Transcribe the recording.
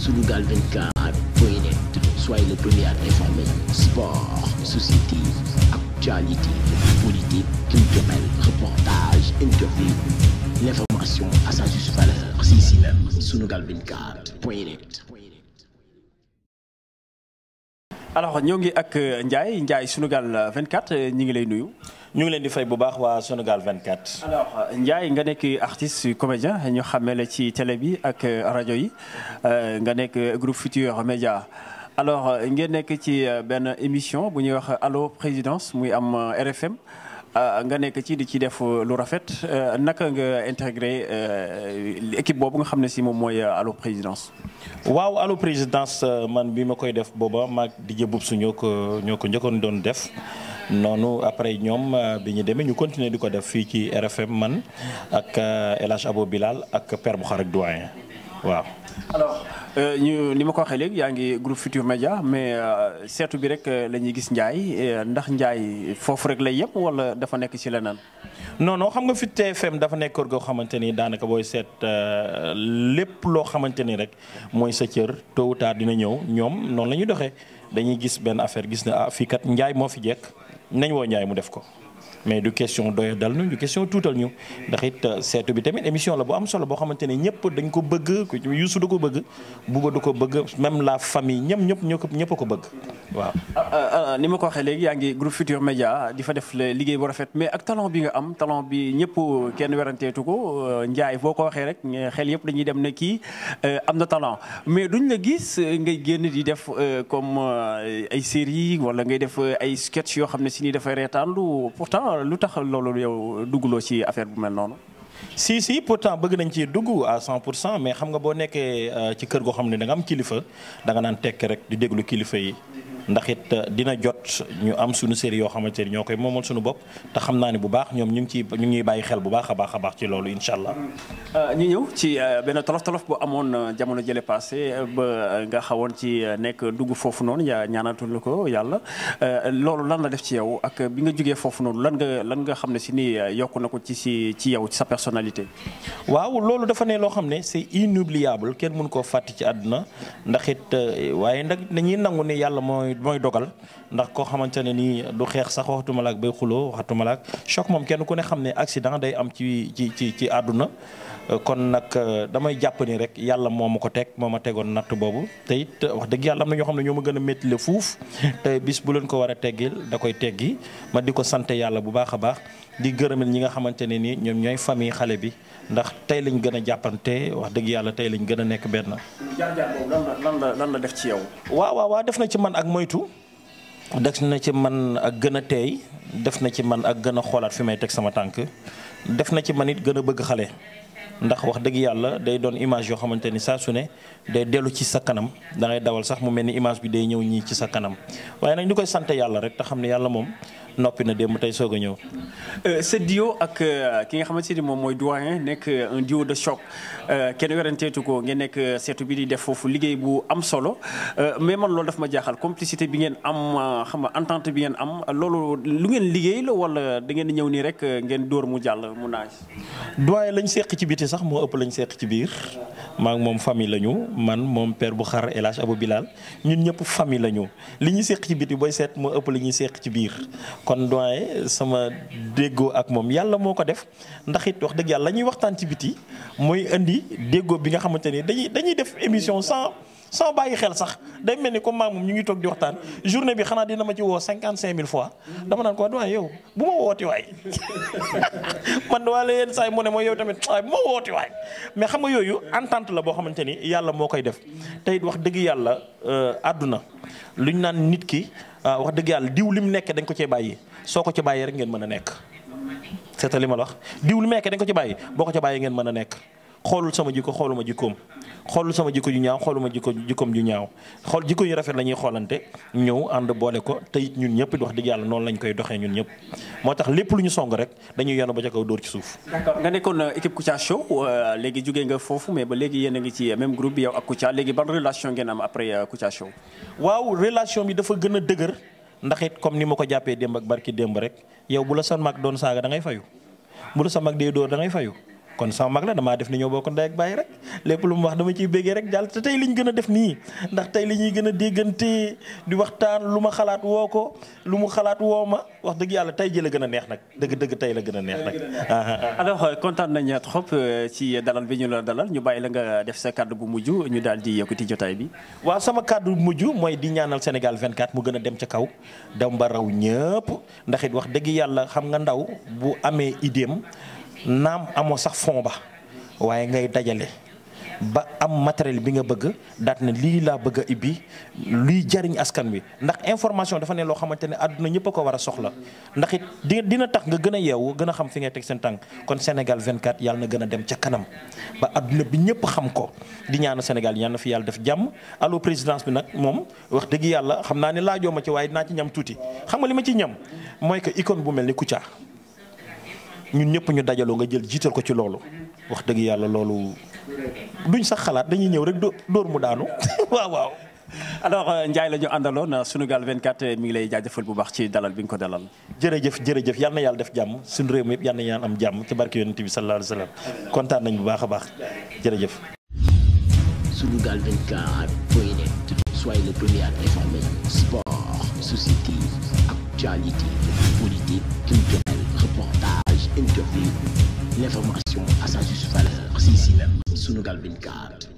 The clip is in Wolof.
Sunugal 24 point net soyez le premier à informer sport société actualité politique culturelle reportage interview l'information à sa juste valeur c'est ici même Sunugal 24 point net alors ñoo ngi ak Ndiaye Ndiaye Sunugal 24 ñu ngi lay nuyu. ñu ngi leen di fay bu baax waa Sénégal 24. alors euh, Ndiaye nga nekk artiste comédien ñu xamee ci télé bi ak euh, rajo yi euh, nga nekk groupe Futur Média alors ngeen nekk ci benn émission bu ñuy wax allo présidence muy am RFM. nga nekk ci di ci def lu rafet naka nga intégré équipe boobu nga xam ne si moom mooy allo présidence. waaw allo présidence man bi ma koy def booba maag DJ Boubsou ñoo ko ñoo ko njëkkoon doon def. noonu après ñoom euh, bi ñu demee ñu continuer di ko def fii ci RFM man ak euh, El Hadj Abo Bilal ak Père Boukhar ak doyen waaw. alors euh, ñu li ma ko waxee léegi yaa ngi groupe Futur Média mais seetu bi rek la ñuy gis Ndiaye ndax Ndiaye foofu rek lay yëpp wala dafa nekk ci leneen. non non xam nga fi TFM dafa nekkoon goo xamante ni daanaka booy seet lépp loo xamante ni rek mooy sa cër tôt ou tard dina ñëw ñoom noonu la ñuy doxee dañuy gis benn affaire gis na ah fii kat Ndiaye moo fi jekk. nañ woo ñaay mu def ko. mais du question doya dal ñu du question tuutal ñu ndax it euh, seetu bi tamit émission la bu am solo boo xamante ne ñëpp dañ ko bëgg ku Youssou du ko bëgg Bouba du ko bëgg même la famille ñam ñëpp ñoo ko ñëpp ko bëgg waaw. Ah, ah, ah, ni ma ko waxee léegi yaa ngi groupe Futur Média di fa def liggéey bu rafet mais ak talent bi nga am talon bi ñëpp kenn weranteetu ko euh, njaay boo ko waxee rek xel yëpp dañuy dem ne kii euh, am na talent mais duñ la gis ngay génn di def comme ay série wala ngay def ay sketch yoo xam ne si ni dafay reetaanlu pourtant. pourtant lu tax loolu yow duggloo ci affaire bu mel noonu. si si pourtant bëgg nañ ci dugg à cent pour cent mais xam nga boo nekkee euh, ci kër goo xam ne da am kilifa danga naan tekk rek di déglu kilifa yi. ndax it euh, dina jot ñu am suñu série yoo xamante ni ñoo koy moomal suñu bopp te xam naa ne bu baax ñoom ñu ngi ciy ñu ngi ñuy bàyyi xel bu baax a baax a baax ci loolu incha allah. Euh, ñu ñëw ci euh, benn tolof tolof bu amoon jamono jële passé ba nga xawoon ci nekk dugg foofu noonu yaa ñaanatul ko yàlla loolu lan la def ci yow ak bi nga jugee foofu noonu lan nga lan nga xam ne si ni yokk na ko ci si ci yow ci sa personnalité. waaw loolu dafa ne loo xam ne c'est inoubliable kenn mënu koo fàtte ci àdduna mooy dogal ndax koo xamante ne nii du xeex sax waxatuma la bay xuloo waxatuma la ak moom kenn ku ne xam ne accident day am ci ci ci ci àdduna kon nag euh, damay jàpp ni rek yàlla moo ma ko teg moom ma tegoon natt boobu te it euh, wax dëgg yàlla am na ñoo xam ne ñoo ma gën a métti le fuuf te bis bu leen ko war a teggil da koy teggi ma di ko sant yàlla bu baax a baax di gërëmal ñi nga xamante ne ni ñoom ñooy famille xale bi ndax tey lañ gën a jàppante wax dëgg yàlla tey lañ gën a nekk benn. jaar lan la def ci yow. waaw waaw def na ci man ak moytu def na ci man ak gën a teey def na ci man ak gën a xoolaat fi may teg sama tànk def na ci man it gën a bëgg xale. ndax wax dëgg yàlla day doon image yoo xamante ni saa su ne day dellu ci sa kanam da dawal sax mu mel ni image bi day ñëw ñii ci sa kanam waaye nag ñu koy sant yàlla rek te xam ne yàlla moom noppi na démb tey soog a ñëw. Euh, ce duo ak euh, ki nga xamante ni moom mooy doyen nekk euh, un duo de choc kenn weranteetu ko ngeen nekk seetu bi di def foofu liggéey bu am solo mais man loolu daf ma jaaxal complicité bi ngeen am xam nga entente bi ngeen am loolu lu ngeen liggéey la wala da ngeen di ñëw nii rek ngeen door mu jàll mu naaj. doyen lañ seq ci biti sax moo ëpp lañ seq ci biir maa ngi moom famille lañu man moom père bu xar El Hadj ñun ñëpp famille lañu li ñu ëpp li ñuy seq ci biir. kon doyen sama déggoo ak moom yàlla moo ko def ndax it wax dëgg yàlla la ñuy waxtaan ci biti mooy indi déggoo bi nga xamante ni dañuy dañuy def émission sans sans bàyyi xel sax day mel ni comme maa ñu ngi toog di waxtaan journée bi xanaa dina ma ci woo cinquante mille fois dama naan ko doyen yow bu ma wooti waay man wala yenn saa yi mu ne ma yow tamit waaye bu ma wooti waay mais xam nga yooyu entente la boo xamante ni yàlla moo koy def tey wax dëgg yàlla adduna euh, lu ñu naan nit ki ah, wax dëgg yàlla diw li mu nekkee dañ ko cee bàyyi soo ko ci bàyyee rek ngeen mën a nekk. c'est li ma la wax diw li mu nekkee ko ci bàyyi boo ko ci bàyyi ngeen mën a nekk xoolul sama jikko xooluma jikkoom xoolul sama jikko ju ñaaw xooluma jikko jikkoom ju ñaaw xool jikko yu rafet la ñuy xoolante ñëw ànd boole ko te ñun ñëpp wax dëgg yàlla noonu lañu koy doxee ñun ñëpp moo tax lépp lu ñu song rek dañuy yono ba ca kaw dóor ci suuf. d'accord nga nekkoon euh, équipe Kouthia Show euh, léegi jugee nga foofu mais ba léegi yéen a ngi ci euh, même groupe bi yow ak Kouthia léegi ban relation ngeen am après Kouthia Show. waaw relation bi dafa gën a dëgër ndax it comme ni ma ko jàppee démb ak barki démb rek yow bu la sa mag doon saaga da ngay fayu bu la sa mag dee da ngay fayu kon sama mag la damaa def ni ñoo ko ndey ak bàyyi rek lépp lu mu wax dama ciy béggee rek jàll te tey li ñu gën a def nii ndax tey li ñuy gën a déggante di waxtaan lu ma xalaat woo ko lu mu xalaat woo ma wax dëgg yàlla tey ji la gën a neex nag dëgg dëgg tey la gën a neex nag. alors euh, kontaan nañ trop euh, ci dalal bi ñu la dalal ñu bàyyi la nga def sa kàddu bu mujj ñu daal di yëkkati jotaay bi. waaw sama kàddu bu mujj mooy di ñaanal Sénégal 24 mu gën a dem ca kaw dem ndax it wax dëgg yàlla xam nga ndaw bu amee idéem naam amoo sax fond ba waaye ngay dajale ba am matériel bi nga bëgg daat na lii laa bëgg ibbi luy jariñ askan wi ndax information dafa ne loo xamante ne àdduna ñëpp a ko war a soxla ndax it di dina tax nga gën a yeewu gën a xam fi ngay teg seen tànk kon Sénégal 24 yàlla na gën dem ca kanam ba àdduna bi ñëpp xam ko di ñaanu Sénégal ñaan na fi yàlla def jàmm allo présidence bi nag moom wax dëgg yàlla xam naa ne laajoo ma ci waaye naa ci ñam tuuti xam li ma ci ñam mooy que icône bu mel ni Kouthia ñun ñëpp ñu dajaloo nga jël jiital ko ci loolu wax dëgg yàlla loolu duñ sax xalaat dañuy ñëw rek dóor mu daanu waaw waaw. alors euh, Ndiaye la ñu àndaloon euh, Sunugal 24 euh, mi ngi lay jaajëfal bu baax ci dalal bi nga ko dalal. jërëjëf jërëjëf yal na yàlla def jàmm suñu réew mi yëpp na yàlla am jàmm ci barke yonent bi sallallahu alayhi wa sallam kontaan nañ bu baax a baax jërëjëf. Sunugal 24 point sport société actualité politique culturelle ngeen jot l'information à sa juste valeur si si même sunugal 24